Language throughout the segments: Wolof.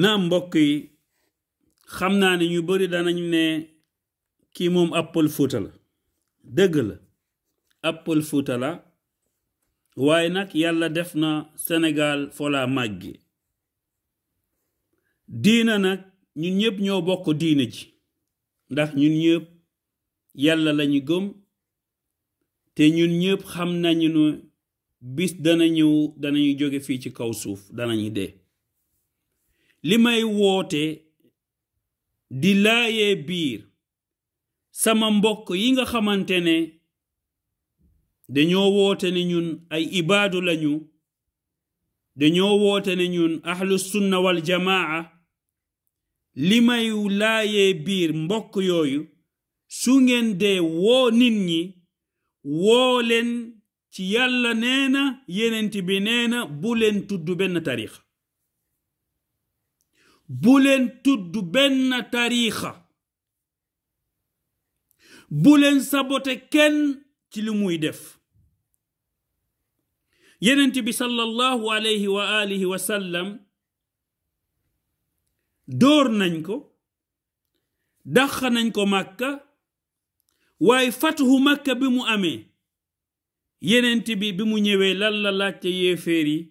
naam mbokk yi xam naa ne ñu bari danañ ne kii moom Apple Fuuta la dëgg la Apple Fuuta la waaye nag yàlla def na Sénégal folaa màgge diina nag ñun ñëpp ñoo bokk diina ji ndax ñun ñëpp yàlla lañu gëm te ñun ñëpp xam nañu ne bis dana ñëw danañu jóge fii ci kaw suuf danañu dee li may woote di laayee biir sama mbokk yi nga xamante ne dañoo woote ne ñun ay ibaadu lañu dañoo woote ne ñun ahlu sunna wal jamaa li may laayee biir mbokk yooyu su ngeen dee woo nit ñi woo leen ci yàlla nee na yenent bi nee na bu leen tudd benn tariix bu tudd benn tariixa bu sabote kenn ci li muy def yenent bi sallallahu alayhi wa alihi wa sallam dóor nañ ko dàq nañ ko màkka waaye fatuhu màkka bi mu amee yenent bi bi mu ñëwee lan la laajte yi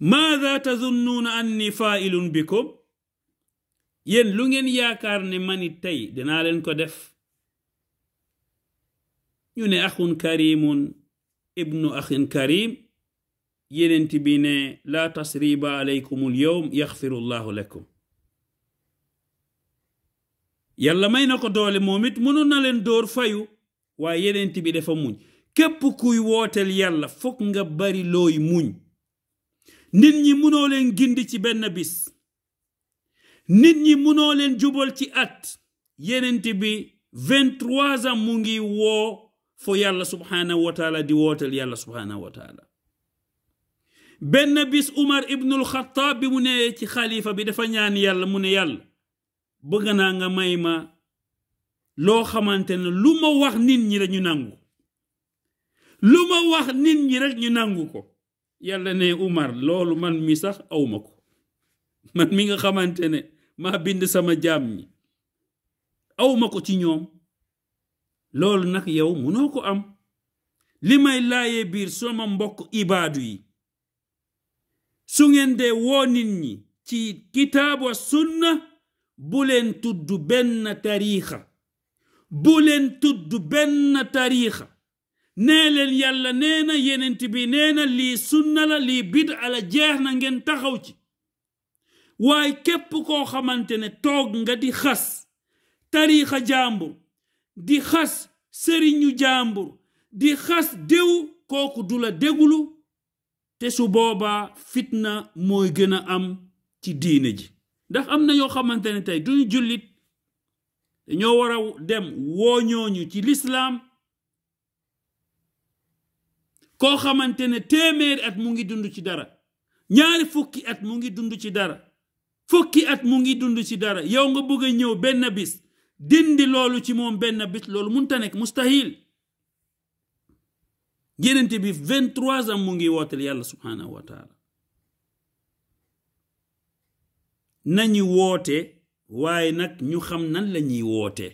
maada tazunnuuna anni faailun bikum yéen lu ngeen yaakaar ne manit tey dinaa leen ko def ñu ne axun karimun ibnu axin karim yenent bi ne laa tasriba aleykum alyowm yaxfiru lakum yàlla may na ko doole moom it mënoon na leen dóor fayu waaye yenent bi dafa muñ képp kuy wootel yàlla fokk nga bari looy muñ nit ñi mënoo leen gindi ci benn bis nit ñi mënoo leen jubal ci at yenent bi 23 ans mu ngi woo fo yàlla subhanahu wa taala di wootal yàlla subhanahu wa benn bis Umar ibnul Xataab bi mu ne ci xalifa bi dafa ñaan yàlla mu ne yàlla bëgg naa nga may ma loo xamante ne lu ma wax nit ñi rek ñu nangu lu ma wax nit ñi rek ñu nàngu ko yàlla ne Umar loolu man mi sax awma ko man mi nga xamante ne maa bind sama jaam ñi awma ko ci ñoom loolu nag yow munoo ko am li may laayee biir sama mbokk ibaadu yi su ngeen dee woo nit ñi ci kitaab wa sunna bu leen tudd benn tariixa bu leen tudd benn tariixa nee leen yàlla nee na yenent bi nee na lii sunna la lii bida la jeex na ngeen taxaw ci waaye képp koo xamante ne toog nga di xas tariixa jàmbur di xas sëriñu jàmbur di xas déw kooku du la déglu te su boobaa fitna mooy gën a am ci diine ji ndax am na ñoo xamante ne tey duñu jullit dañoo war a dem woo ci lislaam koo xamante ne téeméeri at mu ngi dund ci dara ñaari fukki at mu ngi dund ci dara fukki at mu ngi dund ci dara yow nga bëgg a ñëw benn bis dindi loolu ci moom benn bis loolu munta nekk mustahil yenente bi 23 ans mu ngi wootel yàlla subhanahu wa nañu woote waaye nag ñu xam nan la ñuy woote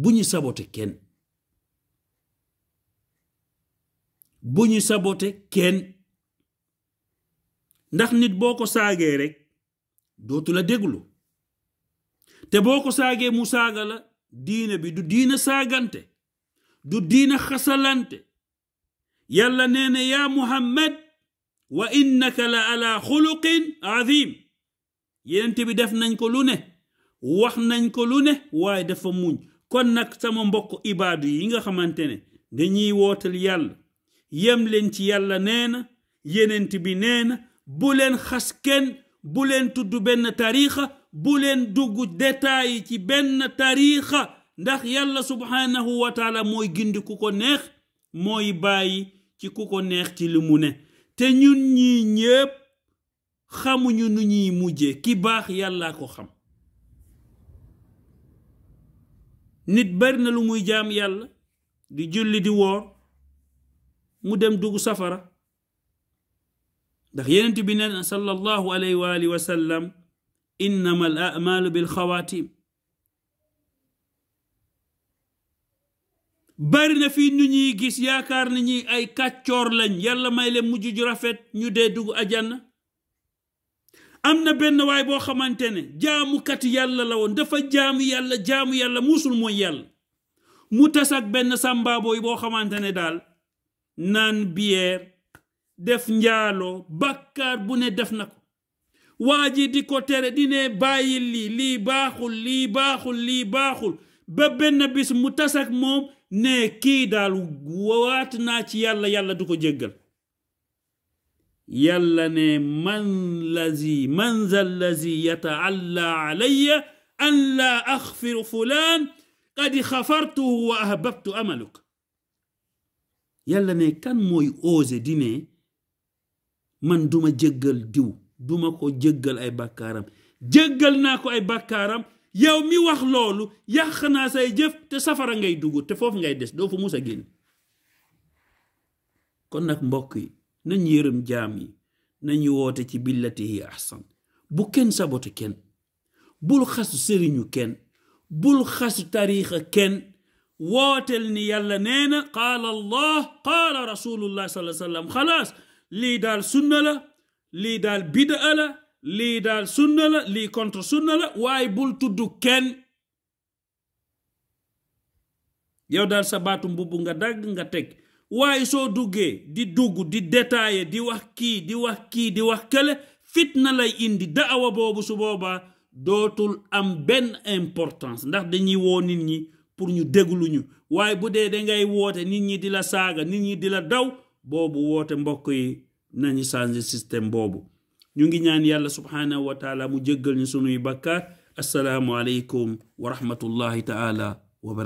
bu ñu sabote kenn bu ñu sabote kenn ndax nit boo ko saagee rek dootul a déglu te boo ko saagee mu saaga la diina bi du diina saagante du diina xasalante yàlla nee ne yaa muhammad wa innaka la ala xuluqin azim yenent bi def nañ ko lu ne wax nañ ko lu ne waaye dafa muñ kon nag sama mbokk ibaadu yi nga xamante ne dañuy wootal yàlla yem leen ci yàlla neena na yenent bi neena na bu leen xas kenn bu leen tudd benn tariixa bu leen dugg détail ci benn tariixa ndax yàlla subhaanahu wa mooy gindi ku ko neex mooy bàyyi ci ku ko neex ci li mu ne te ñun ñii ñépp xamuñu nu ñuy mujje ki baax yàllaa ko xam nit bari na lu muy jaam yàlla di julli di woor mu dem dugg safara ndax yenent bi neen sallallahu alayhi wa alihi wa sallam innama al amalu bil xawaatim bari na fii ñu ñuy gis yaakaar na ñi ay kàccoor lañ yàlla may leen mujj ju rafet ñu dee dugg àjjana am na benn waay boo xamante ne jaamukat yàlla la woon dafa jaamu yàlla jaamu yàlla muusul mooy yàlla mu tas ak benn sàmbaabooy boo xamante ne daal naan biyeer def njaalo bàkkaar bu ne def na ko waa ji di ko tere di ne bàyyi lii lii baaxul lii baaxul lii baaxul ba benn bis mu tasak moom ne kii daal waat naa ci yàlla yàlla du ko jéggal yàlla ne man lazi man za lazi yataalla alayya an fulaan qad xafartuhu wa ahbabtu amaluk yàlla ne kan mooy oser di ne man duma jëggal diw duma ko jëggal ay bàkkaaram jëggal naa ko ay bàkkaaram yow mi wax loolu yàq naa say jëf te safara ngay dugg te foofu ngay des doo fa mus a génn kon nag mbokk yi nañ yërëm jaam yi nañu woote ci billatihi ahsan bu kenn sabote kenn bul xasu sëriñu kenn bul xasu tariixa kenn wooteel ni yàlla neena na qaala allah qaala rasulullah sallallahu lii daal sunna la lii daal bidaa la lii daal sunna lii contre sunna la bul tudd kenn yow daal sa baatu mbubb nga dagg nga teg waaye soo duggee di dugg di détaillé di wax kii di wax kii di wax kële fitna lay indi da daawa boobu su boobaa dootul am benn importance ndax dañuy woo nit ñi pour ñu dégluñu waaye bu dee dangay woote nit ñi di la saaga nit ñi di la daw boobu woote mbokk yi nañu changer système boobu ñu ngi ñaan yàlla subhaanahu wa taala mu jéggal ñu sunuy bakkaar assalaamu aleykum wa rahmatullahi taala wa